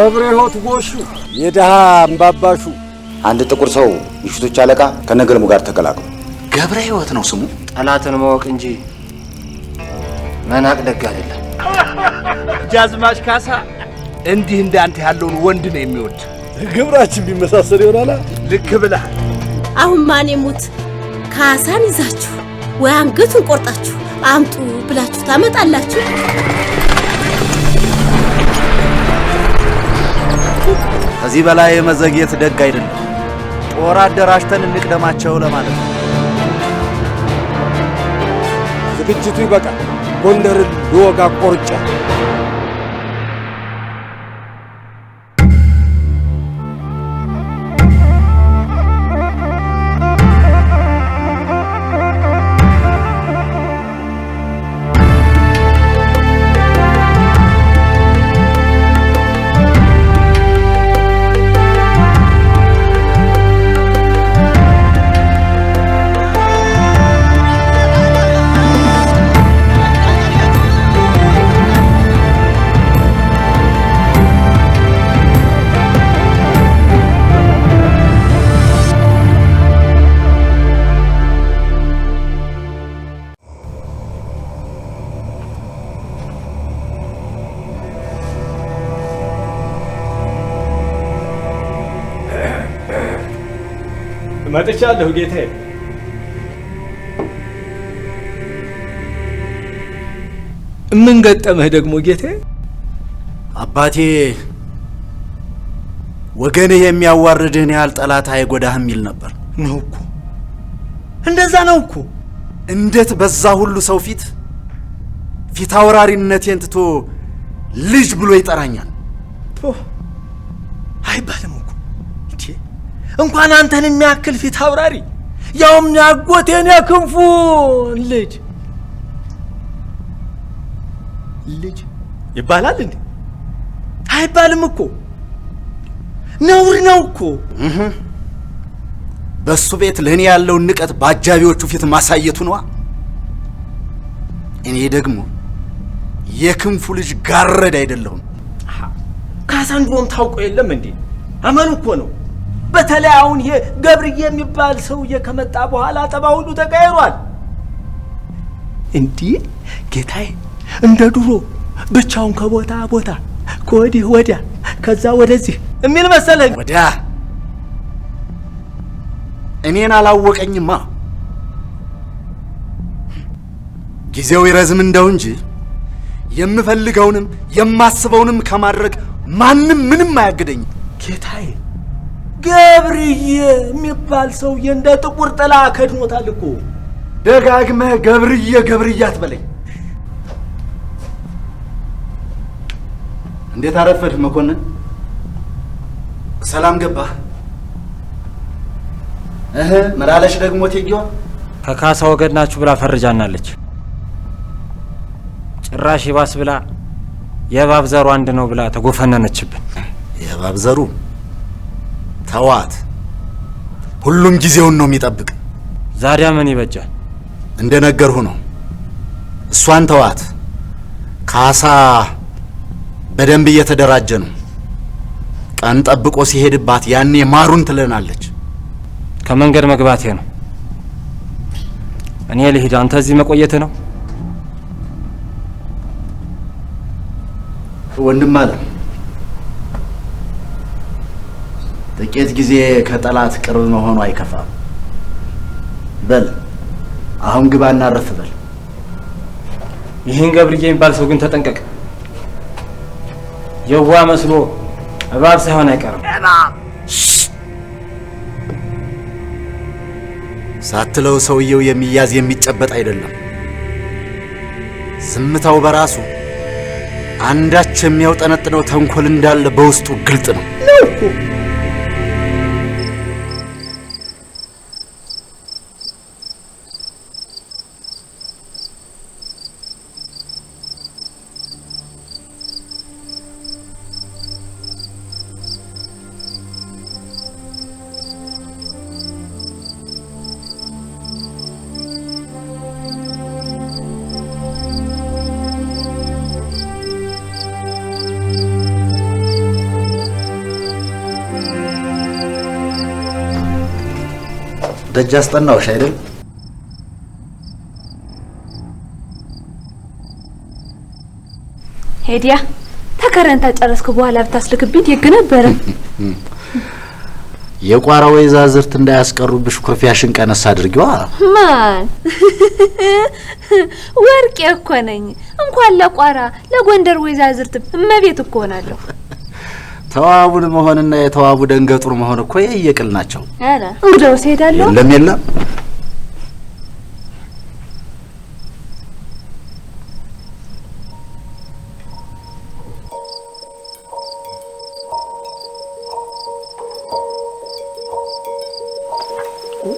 ህብረ ህይወት ጎሹ የድሃ አምባባሹ አንድ ጥቁር ሰው የሽቶች አለቃ ከነገልሙ ጋር ተቀላቅሎ ገብረ ህይወት ነው ስሙ። ጠላትን ማወቅ እንጂ መናቅ ደግ አይደለም። ጃዝማች ካሳ እንዲህ እንዳንተ ያለውን ወንድ ነው የሚወድ። ግብራችን ቢመሳሰል ይሆናል። ልክ ብለሃል። አሁን ማን የሙት ካሳን ይዛችሁ ወይ አንገቱን ቆርጣችሁ አምጡ ብላችሁ ታመጣላችሁ። ከዚህ በላይ የመዘግየት ደግ አይደለም። ጦር አደራጅተን እንቅደማቸው ለማለት ነው። ዝግጅቱ ይበቃል። ጎንደርን ልወጋ ቆርጫ ተጠግቻለሁ ጌታዬ። ምን ገጠመህ ደግሞ ጌታዬ? አባቴ ወገንህ የሚያዋርድህን ያህል ጠላት አይጎዳህ የሚል ነበር። ነው እኮ እንደዛ ነው እኮ። እንዴት በዛ ሁሉ ሰው ፊት ፊት አውራሪነቴን ትቶ ልጅ ብሎ ይጠራኛል? አይባልም እንኳን አንተን የሚያክል ፊት አብራሪ ያውም ያጎቴን የክንፉን ልጅ ልጅ ይባላል እንዴ? አይባልም እኮ ነውር ነው እኮ። በእሱ ቤት ለእኔ ያለውን ንቀት በአጃቢዎቹ ፊት ማሳየቱ ነዋ። እኔ ደግሞ የክንፉ ልጅ ጋረድ አይደለሁም። ካሳንድሮም ታውቆ የለም እንዴ? አመሉ እኮ ነው በተለይ አሁን ይሄ ገብርዬ የሚባል ሰውዬ ከመጣ በኋላ ጠባ ሁሉ ተቀይሯል። እንዲህ ጌታዬ እንደ ድሮ ብቻውን ከቦታ ቦታ ከወዲህ ወዲያ ከዛ ወደዚህ የሚል መሰለህ። ወዲያ እኔን አላወቀኝማ። ጊዜው ይረዝም እንደው እንጂ የምፈልገውንም የማስበውንም ከማድረግ ማንም ምንም አያግደኝም ጌታዬ። ገብርዬ የሚባል ሰውዬ እንደ ጥቁር ጥላ ከድሞታል እኮ። ደጋግመህ ገብርዬ ገብርዬ አትበለኝ። እንዴት አረፈድ መኮንን? ሰላም ገባህ? እህ መላለሽ ደግሞ ቴጌዋ? ከካሳ ወገድ ናችሁ ብላ ፈርጃናለች። ጭራሽ ይባስ ብላ የባብ ዘሩ አንድ ነው ብላ ተጎፈነነችብን። የእባብ ዘሩ ተዋት። ሁሉም ጊዜውን ነው የሚጠብቅ። ዛዲያ ምን ይበጃል? እንደ ነገርሁ ነው። እሷን ተዋት። ካሳ በደንብ እየተደራጀ ነው። ቀን ጠብቆ ሲሄድባት ያኔ ማሩን ትለናለች። ከመንገድ መግባቴ ነው። እኔ ልሂድ፣ አንተ እዚህ መቆየት ነው ወንድም አለ ጥቂት ጊዜ ከጠላት ቅርብ መሆኑ አይከፋም። በል አሁን ግባ እናረፍ በል። ይህን ገብርዬ የሚባል ሰው ግን ተጠንቀቅ። የዋ መስሎ እባብ ሳይሆን አይቀርም። ሳትለው ሰውየው የሚያዝ የሚጨበጥ አይደለም። ዝምታው በራሱ አንዳች የሚያውጠነጥነው ተንኮል እንዳለ በውስጡ ግልጥ ነው። ደረጃ አስጠናዎች አይደል? ሄዲያ ተከረንታ ጨረስኩ በኋላ ብታስልክብኝ ደግ ነበረ። የቋራ ወይዛዝርት እንዳያስቀሩብሽ ኩርፊያሽን ቀነስ አድርጊዋ። ማን ወርቄ እኮ ነኝ። እንኳን ለቋራ ለጎንደር ወይዛዝርት እመቤት እኮ ሆናለሁ። ተዋቡን መሆንና የተዋቡ ደንገጡር መሆን እኮ የየቅል ናቸው። እንግዲህ ስሄዳለሁ። የለም የለም፣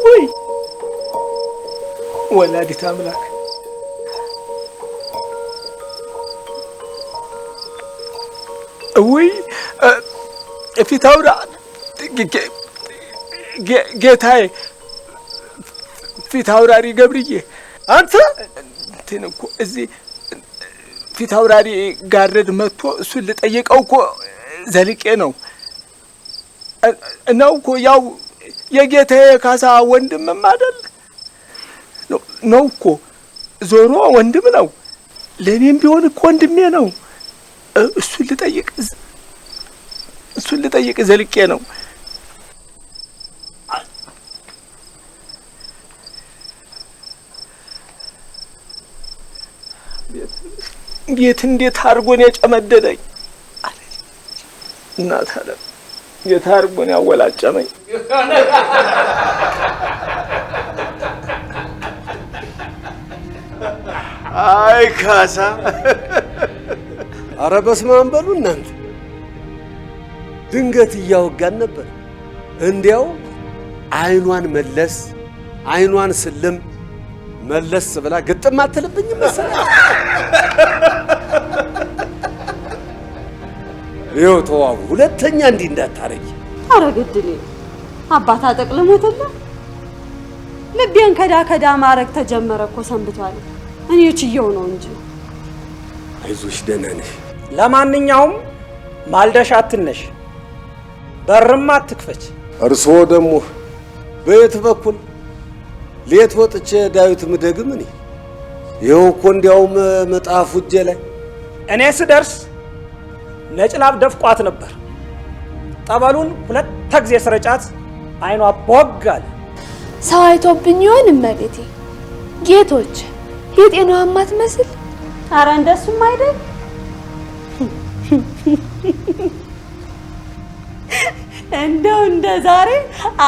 ወይ ወላዲት አምላክ ወይ ፊታውራ ጌታዬ፣ አውራሪ ገብርዬ፣ አንተ እንትን እኮ እዚህ ፊታውራሪ ጋረድ መጥቶ እሱን ልጠይቀው እኮ ዘልቄ ነው ነው እኮ ያው የጌታዬ ካሳ ወንድምም አይደል ነው እኮ ዞሮ ወንድም ነው። ለእኔም ቢሆን እኮ ወንድሜ ነው። እሱን ልጠይቅ እሱን ልጠይቅ ዘልቄ ነው። ቤት እንዴት አድርጎን ያጨመደደኝ እናት አለ እንዴት አድርጎን ያወላጨመኝ። አይ ካሳ፣ አረ በስመ አብ በሉ እናንተ ድንገት እያወጋን ነበር። እንዲያው አይኗን መለስ አይኗን ስልም መለስ ብላ ግጥም አትልብኝ መሰለ። ይኸው ተዋቡ፣ ሁለተኛ እንዲህ እንዳታረጊ። ኧረ ግድሌ አባት አጠቅልሞትለ ልቤን ከዳ ከዳ ማረግ ተጀመረ እኮ ሰንብቷል። እኔ ችየው ነው እንጂ አይዞሽ፣ ደህና ነሽ። ለማንኛውም ማልደሽ አትነሽ። በርማ አትክፈች። እርስዎ ደግሞ በየት በኩል ሌት ወጥቼ ዳዊት ምደግም? እኔ ይኸው እኮ እንዲያውም መጽሐፉ እጄ ላይ እኔ ስደርስ ነጭላብ ደፍቋት ነበር። ጠበሉን ሁለት ጊዜ ስረጫት አይኗ ቦግ አለ። ሰው አይቶብኝ ይሆን? እመቤቴ ጌቶች የጤናዋ ማትመስል። አረ እንደሱም አይደል እንደው እንደ ዛሬ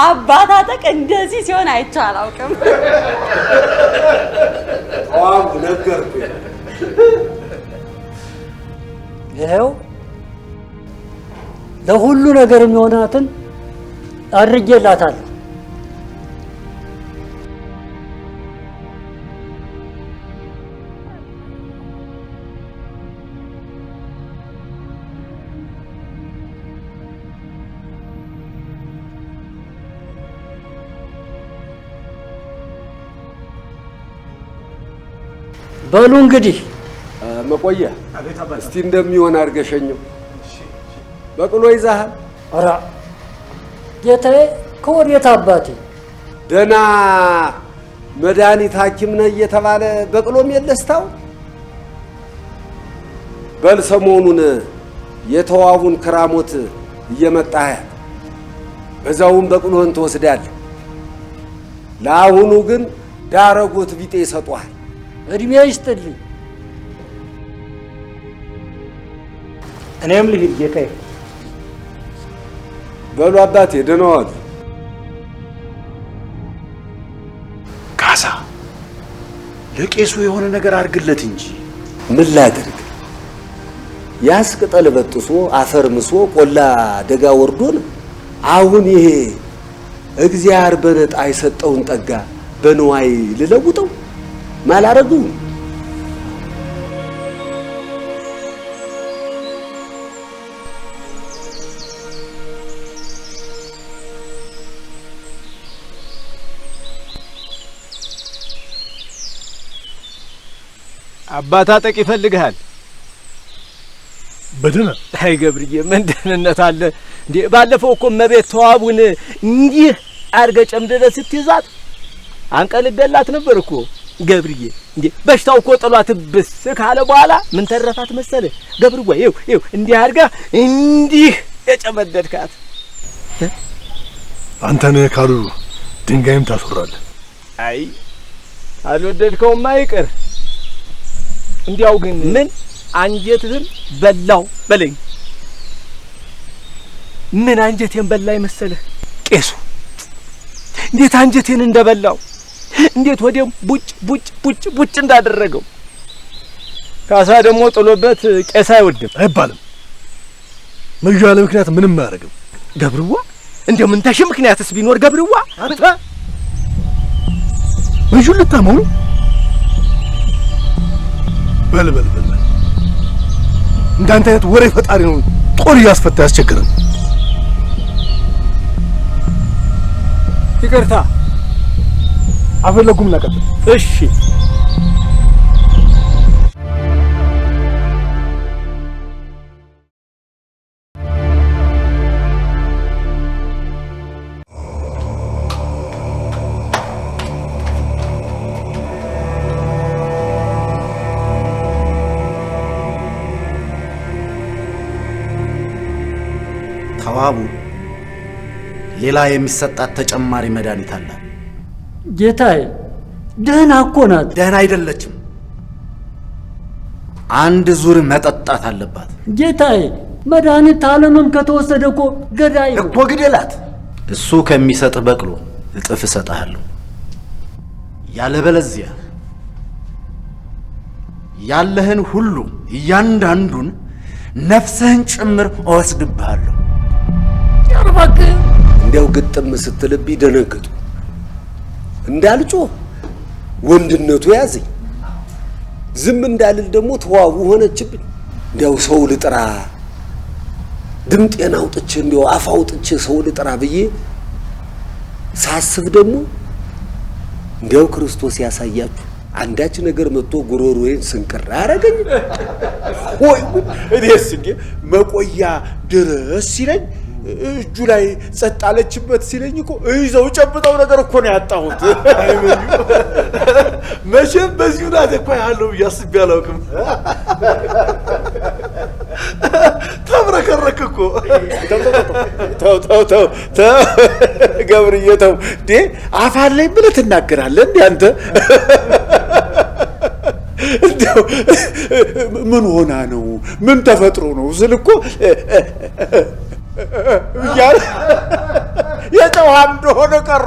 አባታጠቅ እንደዚህ ሲሆን አይቻላውቅም አላውቅም። ቋም ይኸው ለሁሉ ነገር የሚሆናትን አድርጌላታል። በሉ እንግዲህ መቆያ እስቲ እንደሚሆን አድርገሸኘው። በቅሎ ይዛሃል? ኧረ ጌታዬ፣ ከወዴት አባቴ ደና መድኃኒት ሐኪም ነህ እየተባለ በቅሎም የለስታው። በል ሰሞኑን የተዋቡን ክራሞት እየመጣህ በዛውም በቅሎህን ትወስዳለህ። ለአሁኑ ግን ዳረጎት ቢጤ ይሰጧል። እድሜ ይስጥልኝ። እኔም ልሂድ ጌታዬ። በሉ አባቴ ደህና ዋሉ። ካሳ ለቄሱ የሆነ ነገር አድርግለት እንጂ ምን ላድርግ? ያስ ቅጠል በጥሶ አፈር ምሶ ቆላ ደጋ ወርዶን አሁን ይሄ እግዚአብሔር በነጣ የሰጠውን ጠጋ በንዋይ ልለውጠው ማላረጉ አባታ ጠቅ ይፈልግሃል። በደህና አይ ገብርዬ፣ ምን ደህንነት አለ እንዴ? ባለፈው እኮ መቤት ተዋቡን እንዲህ አድርገህ ጨምደደ ስትይዛት አንቀልገላት ነበር እኮ ገብርዬ እንዴ በሽታው እኮ ጥሏት ብስ ካለ በኋላ ምን ተረፋት መሰለ? ገብርዋ ይው ይው እንዲህ አድርጋ እንዲህ የጨመደድካት አንተ ነህ ካሉ ድንጋይም ታስወራለህ። አይ አልወደድከውማ ይቅር። እንዲያው ግን ምን አንጀትህን በላው በለኝ። ምን አንጀቴን በላይ መሰለህ? ቄሱ እንዴት አንጀቴን እንደበላው እንዴት ወዲያም ቡጭ ቡጭ ቡጭ ቡጭ እንዳደረገው። ካሳ ደግሞ ጥሎበት ቄስ አይወድም አይባልም። መዣ ምክንያት ምንም አያደርግም። ገብርዋ እንደው ምን ታሽ ምክንያትስ ቢኖር ገብርዋ አንተ መዡን ልታመው በል በል በል እንዳንተ አይነት ወሬ ፈጣሪ ነው ጦር እያስፈታ ያስቸግረን። ይቅርታ አፈለጉም ላቀጥ እሺ ተዋቡ ሌላ የሚሰጣት ተጨማሪ መድኃኒት አላት። ጌታዬ ደህና እኮ ናት። ደህና አይደለችም። አንድ ዙር መጠጣት አለባት። ጌታዬ መድኃኒት አለምም ከተወሰደ እኮ ገዳይ እኮ ግደላት። እሱ ከሚሰጥ በቅሎ እጥፍ እሰጥሃለሁ። ያለበለዚያ ያለህን ሁሉ እያንዳንዱን ነፍስህን ጭምር እወስድብሃለሁ። እባክህ እንዲያው ግጥም ስትልብ ይደነግጡ ጮ ወንድነቱ ያዘኝ። ዝም እንዳልል ደግሞ ተዋቡ ሆነችብኝ። እንዲያው ሰው ልጥራ ድምጤን አውጥቼ እንዲያው አፍ አውጥቼ ሰው ልጥራ ብዬ ሳስብ ደግሞ እንዲያው ክርስቶስ ያሳያችሁ አንዳች ነገር መጥቶ ጉሮሮዬን ስንቅር አረገኝ ወይ እኔ መቆያ ድረስ ሲለኝ እጁ ላይ ጸጥ አለችበት ሲለኝ እኮ ይዘው ጨብጠው ነገር እኮ ነው ያጣሁት። መቼም በዚሁ ናት እኮ ያለው ብዬ አስቤ አላውቅም። ተብረከረክ እኮ ተው ተው ተው ገብርዬ ተው እንዴ! አፋለኝ ብለህ ትናገራለህ እንዴ አንተ? ምን ሆና ነው ምን ተፈጥሮ ነው ስል እኮ እያለ የጨዋ እንደሆነ ቀረ።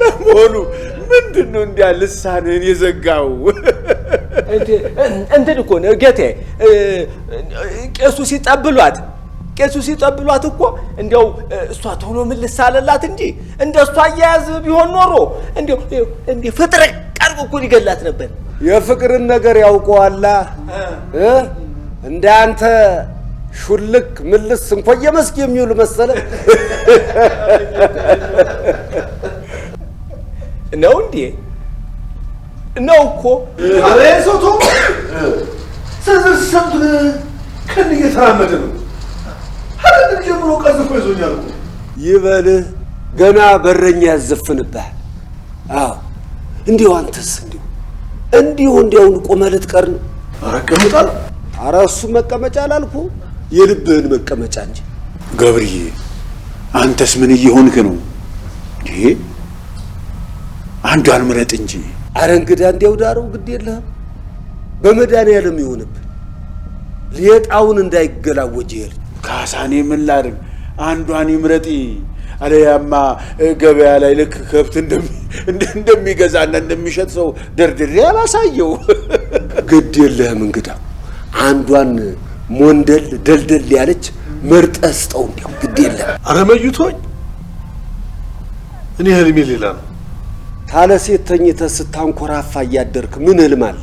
ለመሆኑ ምንድን ነው እንዲያ ልሳንህን የዘጋው? እንትን እኮ ጌቴ፣ ቄሱ ሲጠብሏት ቄሱ ሲጠብሏት እኮ እንዲያው እሷ ቶሎ ምልስ አለላት እንጂ እንደ እሷ አያያዝ ቢሆን ኖሮ እንዲያው እንዲህ ፍጥርቅ አድርጎ እኮ ሊገላት ነበር። የፍቅርን ነገር ያውቀዋላ እንደ አንተ ሹልክ ምልስ እንኳን የመስክ የሚውል መሰለ ነው እንዴ? ነው እኮ አረ ሰቶ ሰንቱን ከን እየተራመደ ነው። ሀረን ጀምሮ ቀዝፎ ይዞኛል እኮ ይበልህ። ገና በረኛ ያዘፍንብሃል። አዎ እንዲሁ አንተስ እንዲሁ እንዲሁ እንዲያውን ቆመህ ልትቀር ነው። አረ እቀመጣለሁ። መቀመጫ አላልኩህ የልብህን መቀመጫ እንጂ። ገብርዬ አንተስ ምን እየሆንክ ነው? ይሄ አንዷን ምረጥ እንጂ። አረ እንግዳ እንዲያው ዳረው ግድ የለህም። በመድኃኒዓለም ይሆንብን ሌጣውን እንዳይገላወጅ ይል ካሳኔ ምን ላድርግ? አንዷን ይምረጥ። አለያማ ገበያ ላይ ልክ ከብት እንደሚገዛና እንደሚሸጥ ሰው ደርድሬ አላሳየው። ግድ የለህም እንግዳ አንዷን ሞንደል ደልደል ያለች መርጠህ ስጠው። እንዲያው ግድ የለም አረመዩቶኝ እኔ ህልሜ ሌላ ነው። ካለ ሴት ተኝተህ ስታንኮራፋ እያደርክ ምን ህልም አለ?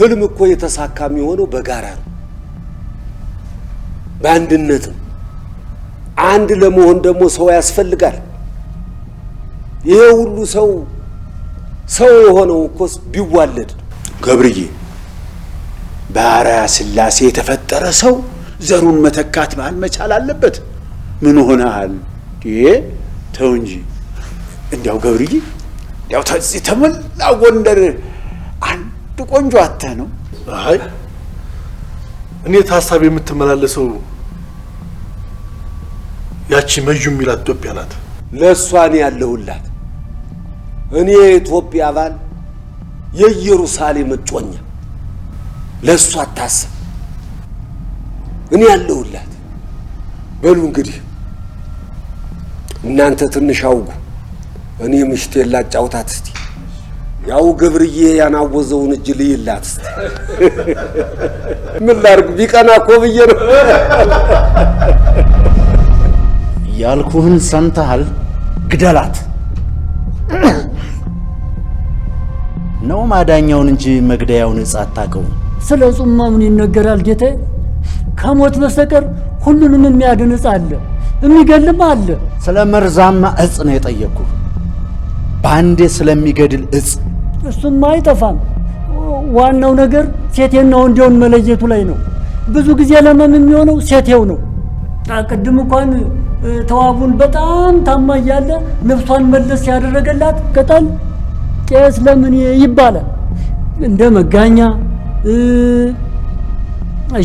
ህልም እኮ የተሳካ የሚሆነው በጋራ ነው፣ በአንድነት ነው። አንድ ለመሆን ደግሞ ሰው ያስፈልጋል። ይሄ ሁሉ ሰው ሰው የሆነው እኮ ቢዋለድ ገብርዬ በአርአያ ስላሴ የተፈጠረ ሰው ዘሩን መተካት ባህል መቻል አለበት። ምን ሆነሃል? ይሄ ተው እንጂ እንዲያው ገብርዬ እንዲያው ተዚህ ተሞላ ጎንደር አንድ ቆንጆ አተ ነው። አይ እኔ ታሳቢ የምትመላለሰው ያቺ መዩ የሚላት ኢትዮጵያ ናት። ለእሷን ያለሁላት እኔ የኢትዮጵያ ባል የኢየሩሳሌም እጮኛ ለእሱ አታስብ፣ እኔ ያለሁላት። በሉ እንግዲህ እናንተ ትንሽ አውጉ፣ እኔ ምሽቴን ላጫውታት እስቲ። ያው ገብርዬ ያናወዘውን እጅ ልይላት እስቲ። ምን ላርግ ቢቀና እኮ ብዬ ነው። ያልኩህን ሰምተሃል? ግደላት ነው ማዳኛውን እንጂ መግደያውን እጻ አታውቀውም። ስለ ጹማ ምን ይነገራል ጌታ ከሞት በስተቀር ሁሉንም የሚያድን ዕፅ አለ፣ የሚገልም አለ። ስለ መርዛማ እጽ ነው የጠየቅኩ፣ በአንዴ ስለሚገድል እጽ። እሱማ አይጠፋም። ዋናው ነገር ሴቴና ወንዴውን መለየቱ ላይ ነው። ብዙ ጊዜ ለመም የሚሆነው ሴቴው ነው። ቅድም እንኳን ተዋቡን በጣም ታማ እያለ ልብሷን መለስ ያደረገላት ቅጠል ቄስ ለምን ይባላል። እንደ መጋኛ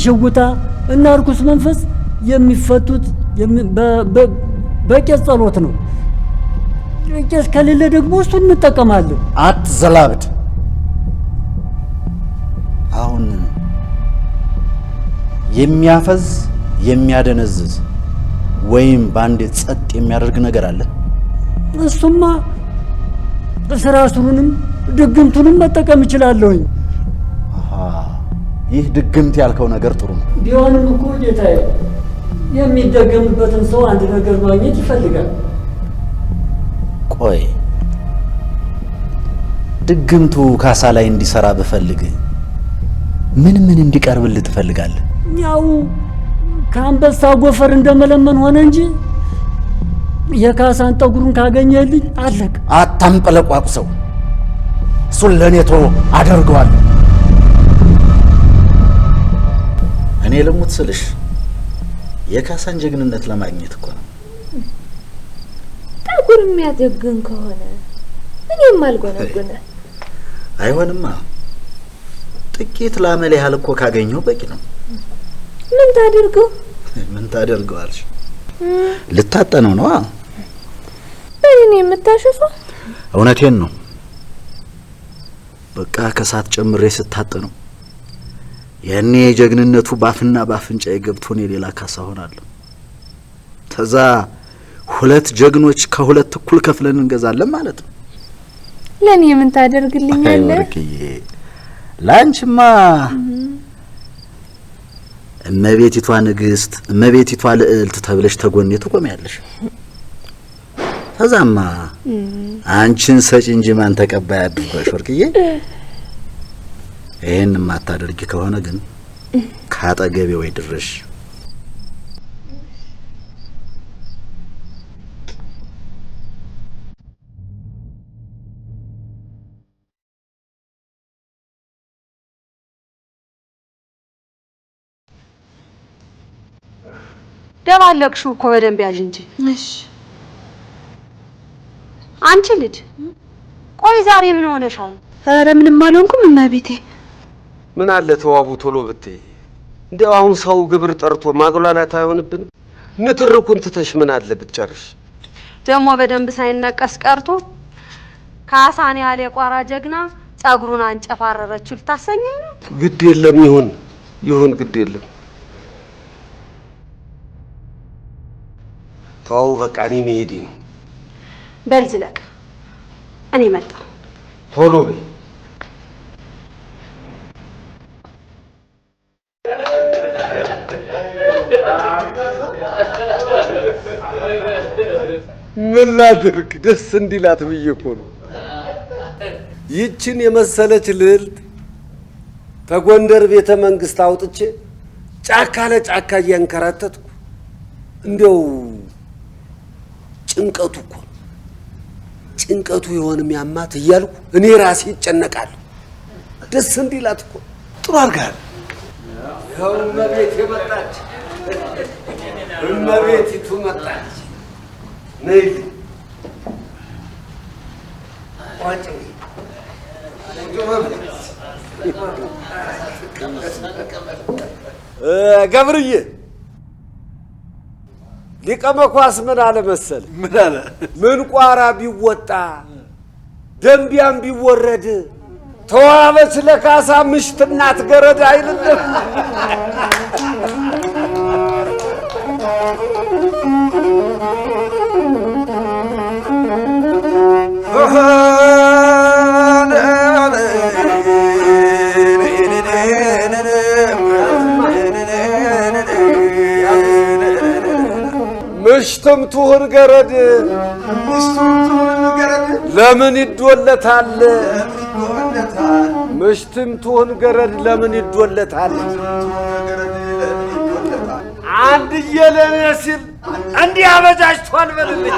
ሽውታ እና እርኩስ መንፈስ የሚፈቱት በቄስ ጸሎት ነው። ቄስ ከሌለ ደግሞ እሱ እንጠቀማለን። ዘላብድ አሁን የሚያፈዝ የሚያደነዝዝ ወይም በአንድ ጸጥ የሚያደርግ ነገር አለ። እሱማ ስራ ስሩንም ድግምቱንም መጠቀም እችላለሁኝ። ይህ ድግምት ያልከው ነገር ጥሩ ነው። ቢሆንም እኮ ጌታ የሚደገምበትን ሰው አንድ ነገር ማግኘት ይፈልጋል። ቆይ ድግምቱ ካሳ ላይ እንዲሰራ ብፈልግ ምን ምን እንዲቀርብልህ ትፈልጋለህ? ያው ከአንበሳ ጎፈር እንደመለመን ሆነ እንጂ የካሳን ጠጉሩን ካገኘልኝ አለቅ። ሰው እሱን ለኔቶ አደርገዋለሁ። እኔ ልሙት ስልሽ የካሳን ጀግንነት ለማግኘት እኮ ነው። ጠጉር የሚያጀግን ከሆነ እኔም አልጎነጎነ አይሆንማ። ጥቂት ላመል ያህል እኮ ካገኘው በቂ ነው። ምን ታደርገው ምን ታደርገው ታደርገዋልሽ? ልታጠነው ነዋ። በእኔ የምታሸሱ እውነቴን ነው። በቃ ከሳት ጨምሬ ስታጠነው ያኔ የጀግንነቱ ባፍና ባፍንጫ የገብቶ እኔ ሌላ ካሳ ሆናለሁ። ተዛ ሁለት ጀግኖች ከሁለት እኩል ከፍለን እንገዛለን ማለት ነው። ለእኔ ምን ታደርግልኛለህ ወርቅዬ? እመቤቲቷ ንግስት፣ እመቤቲቷ ልዕልት ተብለሽ ተጎኔ ትቆሚያለሽ። ተዛማ አንቺን ሰጪ እንጂ ማን ተቀባይ አድርጓሽ ወርቅዬ? ይህን የማታደርጊ ከሆነ ግን ካጠገቤ ወይ ድርሽ። ደባለቅሽው እኮ በደንብ ያዥ እንጂ። እሺ አንቺ ልጅ ቆይ ዛሬ ምን ሆነሻል? ኧረ ምንም አልሆንኩም እመቤቴ። ምን አለ ተዋቡ ቶሎ ብትይ እንዲያው አሁን ሰው ግብር ጠርቶ ማጉላላት አይሆንብንም? ንትርኩን ትተሽ ምን አለ ብትጨርሽ። ደግሞ በደንብ ሳይነቀስ ቀርቶ ካሳን ያለ የቋራ ጀግና ጸጉሩን አንጨፋረረችው ልታሰኘ ነው። ግድ የለም ይሁን ይሁን፣ ግድ የለም ተው፣ በቃ እኔ መሄዴ ነው። በል ዝለቅ፣ እኔ መጣሁ። ቶሎ በይ ምን ላድርግ ደስ እንዲላት ብዬ እኮ ነው። ይችን የመሰለች ልዕልት ከጎንደር ቤተ መንግስት አውጥቼ ጫካ ለጫካ እያንከራተትኩ እንዲያው ጭንቀቱ እኮ ጭንቀቱ የሆንም ያማት እያልኩ እኔ ራሴ ይጨነቃለሁ። ደስ እንዲላት እኮ ጥሩ አድርጋለሁ። ከእመቤት የመጣች እመቤቲቱ መጣች። ነይ ቋጭ ገብርዬ ሊቀ መኳስ ምን አለ መሰል ምን አለ ምን ቋራ ቢወጣ ደንቢያም ቢወረድ ተዋበች ለካሳ ምሽት እናት ገረድ አይልልም። ምሽትም ትሁን ገረድ ለምን ይዶለታል? ምሽትም ትሆን ገረድ ለምን ይዶለታል? አንድዬ ለእኔ ሲል እንዲህ አበጃጅቷል በልልኝ።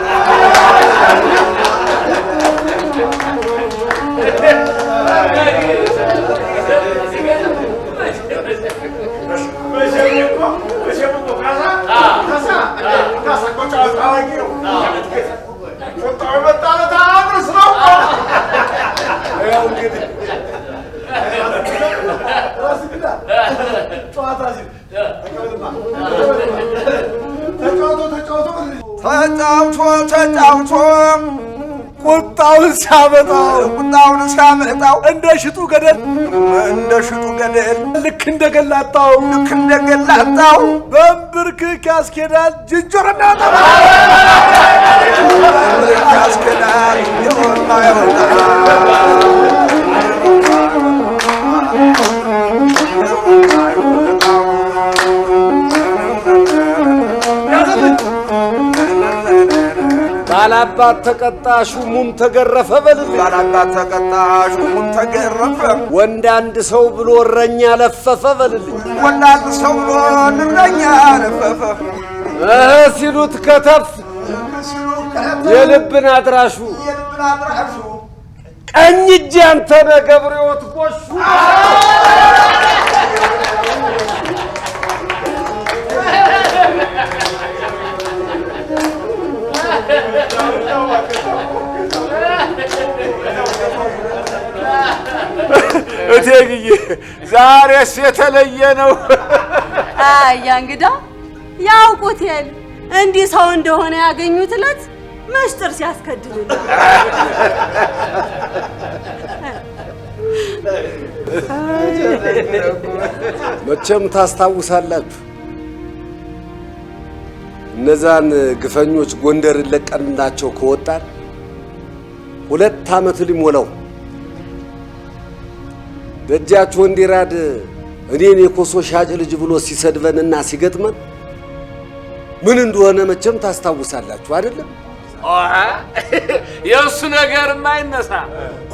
ተጫውቶ ተጫውቶ ቁጣውን ሲያመጣው ቁጣውን ሲያመጣው እንደ ሽጡ ገደል እንደ ሽጡ ገደል ልክ እንደ ገላጣው ልክ እንደ ገላጣው በንብርክክ ያስኬዳል ጅንጆርና ጠባ ያስኬዳል የወጣ የወጣ ባላባት ተቀጣሹ ሙም ተገረፈ በልል ባላባት ተቀጣሹ ሙም ተገረፈ ወንድ አንድ ሰው ብሎ እረኛ ለፈፈ በልልኝ ወንድ አንድ ሰው ብሎ እረኛ ለፈፈ እህ ሲሉት ከተፍ የልብን አድራሹ ቀኝ እጅ አንተነ ገብረ ሕይወት ጎሹ እቴግዬ ዛሬስ የተለየ ነው። አያ እንግዳ ያውቁቴል እንዲህ ሰው እንደሆነ ያገኙት ዕለት መስጥር ሲያስከድልል መቼም ታስታውሳላችሁ እነዛን ግፈኞች ጎንደርን ለቀንናቸው ከወጣን ሁለት ዓመት ሊሞላው ደጃች ወንዲራድ እኔን የኮሶ ሻጭ ልጅ ብሎ ሲሰድበንና ሲገጥመን ምን እንደሆነ መቼም ታስታውሳላችሁ አይደለም? የእሱ ነገር የማይነሳ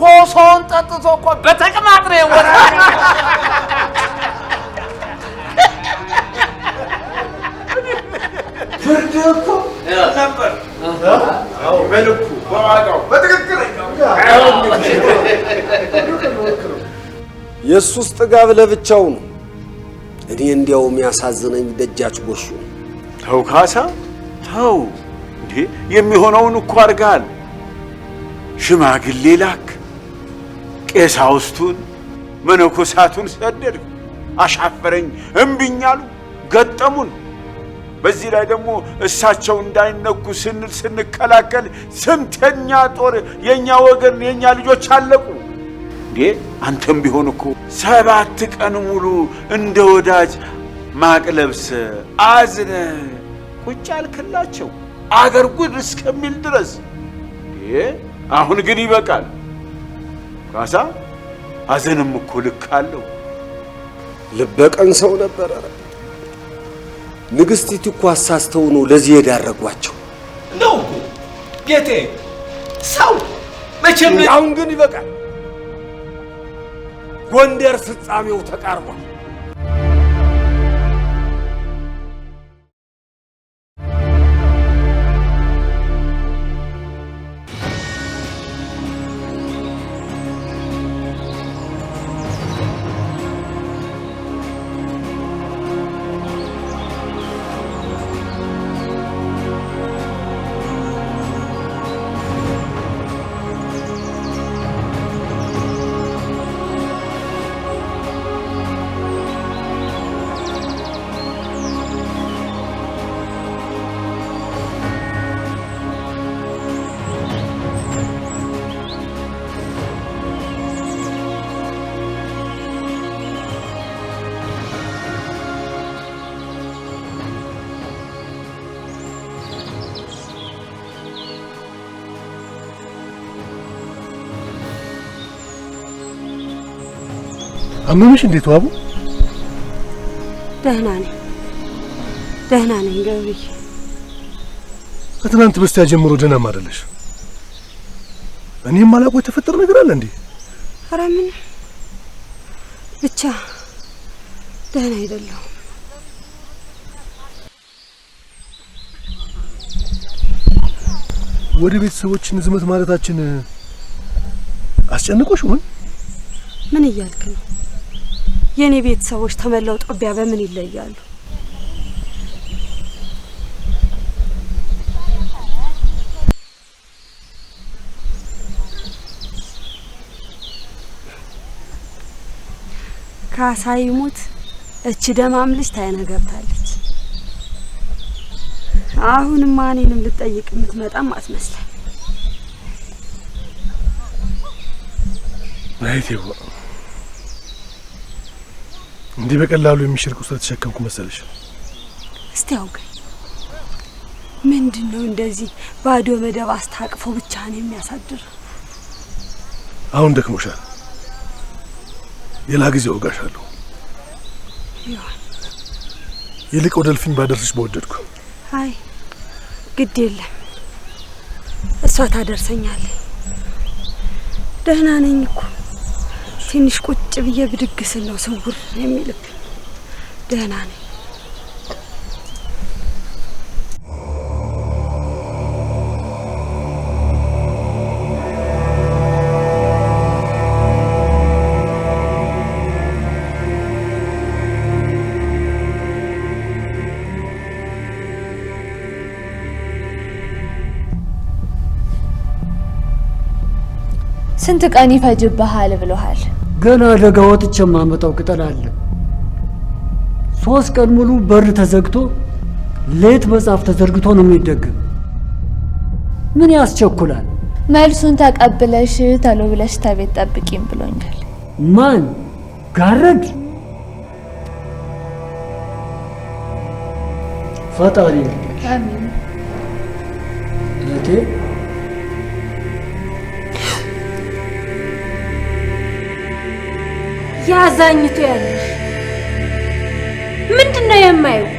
ኮሶውን ጠጥቶ እኮ በተቅማጥ ነው ፍርድ እኮ ነበር በልኩ በዋጋው በትክክለኛው። የእሱስ ጥጋብ ለብቻው ነው። እኔ እንዲያው የሚያሳዝነኝ ደጃች ጎሹ። ተው ካሳ ተው እንዴ! የሚሆነውን እኮ አድርጋል። ሽማግሌ ላክ፣ ቄሳውስቱን መነኮሳቱን ሰደድ፣ አሻፈረኝ እምቢኛሉ ገጠሙን በዚህ ላይ ደግሞ እሳቸው እንዳይነኩ ስንል ስንከላከል ስንት የኛ ጦር የእኛ ወገን የእኛ ልጆች አለቁ። እንዴ አንተም ቢሆን እኮ ሰባት ቀን ሙሉ እንደ ወዳጅ ማቅ ለብሰ አዝነ ቁጭ አልክላቸው አገር ጉድ እስከሚል ድረስ። አሁን ግን ይበቃል ካሳ። አዘንም እኮ ልክ አለው። ልበቀን ሰው ነበረ። ንግሥቲቱ እኮ አሳስተው ነው ለዚህ የዳረጓቸው ነው ጌቴ። ሰው መቼም አሁን ግን ይበቃል። ጎንደር ፍጻሜው ተቃርቧል። አመመሽ? እንዴት ዋቡ? ደህና ነኝ፣ ደህና ነኝ ገብርዬ። ከትናንት በስቲያ ጀምሮ ደህና ማደለሽ። እኔም አላውቀው የተፈጠረ ነገር አለ እንዴ? ኧረ ምን ብቻ ደህና አይደለሁም። ወደ ቤተሰቦችን ዝመት ማለታችን አስጨንቆሽ ይሆን? ምን እያልክ ነው? የእኔ ቤተሰቦች ተመላው ጦቢያ በምን ይለያሉ? ካሳ ይሙት፣ እች ደማም ልጅ ታይነ ገብታለች። አሁንማ እኔንም ልጠይቅ የምትመጣም አትመስለኝ። እንዲህ በቀላሉ የሚሽርቁ ስለተሸከምኩ መሰለሽ። እስቲ አውገኝ፣ ምንድን ነው እንደዚህ ባዶ መደብ አስታቅፎ ብቻህን የሚያሳድር? አሁን ደክሞሻል፣ ሌላ ጊዜ ወጋሻለሁ። ይልቅ ወደ እልፍኝ ባደርስሽ በወደድኩ። አይ ግድ የለም እሷ ታደርሰኛለች። ደህና ነኝ እኮ ትንሽ ቁጭ ብዬ ብድግ ስል ነው ስውር የሚልብ። ደህና ነኝ። ስንት ቀን ይፈጅብሃል ብለሃል? ገና ደጋ ወጥቼ የማመጣው ቅጠል አለ። ሶስት ቀን ሙሉ በር ተዘግቶ ሌት መጽሐፍ ተዘርግቶ ነው የሚደገም። ምን ያስቸኩላል? መልሱን ተቀብለሽ ተሎ ብለሽ ተቤት ጠብቂም ብሎኛል። ማን ጋረድ? ፈጣሪ አሜን። ያዛኝቱ ያለሽ ምንድን ነው የማየው?